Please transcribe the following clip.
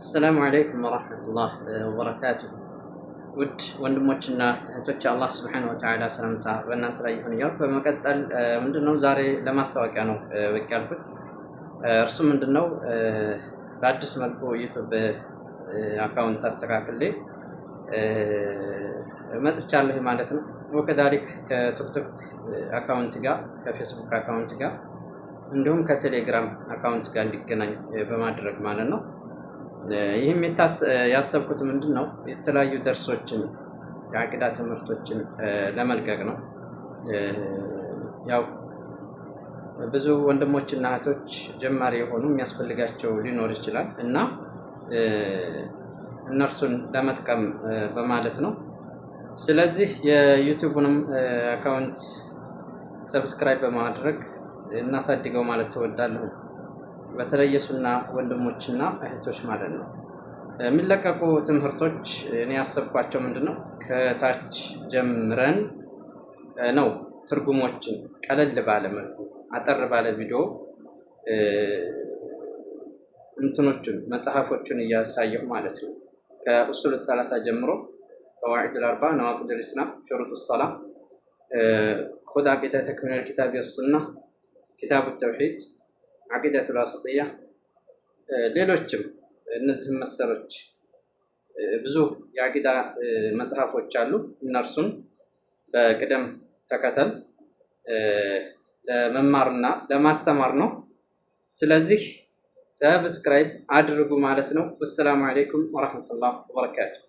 አሰላሙ አለይኩም ወረህመቱላህ ወበረካቱ። ውድ ወንድሞችና እህቶች አላህ ስብሐነ ወተዓላ ሰላምታ በእናንተ ላይ ይሁን እያልኩ በመቀጠል ምንድነው ዛሬ ለማስታወቂያ ነው ብቅ ያልኩት። እርሱ ምንድነው በአዲስ መልኩ ዩቱብ አካውንት አስተካክሌ መጥቻለሁ ማለት ነው። ወከዛሊክ ከቱክቱክ አካውንት ጋር ከፌስቡክ አካውንት ጋር እንዲሁም ከቴሌግራም አካውንት ጋር እንዲገናኝ በማድረግ ማለት ነው። ይህም ያሰብኩት ምንድን ነው የተለያዩ ደርሶችን የአቂዳ ትምህርቶችን ለመልቀቅ ነው። ያው ብዙ ወንድሞችና እህቶች ጀማሪ የሆኑ የሚያስፈልጋቸው ሊኖር ይችላል እና እነርሱን ለመጥቀም በማለት ነው። ስለዚህ የዩቱቡንም አካውንት ሰብስክራይብ በማድረግ እናሳድገው ማለት ትወዳለሁ። በተለይ የሱና ወንድሞችና እህቶች ማለት ነው የሚለቀቁ ትምህርቶች እኔ ያሰብኳቸው ምንድን ነው ከታች ጀምረን ነው ትርጉሞችን ቀለል ባለ መልኩ አጠር ባለ ቪዲዮ እንትኖቹን መጽሐፎቹን እያሳየሁ ማለት ነው። ከኡሱል ሰላሳ ጀምሮ ቀዋዒድ ልአርባ ነዋቂድ አልኢስላም፣ ሹሩጥ ሰላም፣ ኮዳቂተ አቂዳ ተክሚል ኪታብ ወሱና፣ ኪታቡ ተውሒድ አቂዳቱል ዋሲጥያ ሌሎችም እነዚህ መሰሎች ብዙ የአቂዳ መጽሐፎች አሉ። እነርሱን በቅደም ተከተል ለመማርና ለማስተማር ነው። ስለዚህ ሰብስክራይብ አድርጉ ማለት ነው። ወሰላሙ አሌይኩም ወረህመቱላህ ወበረካቱ።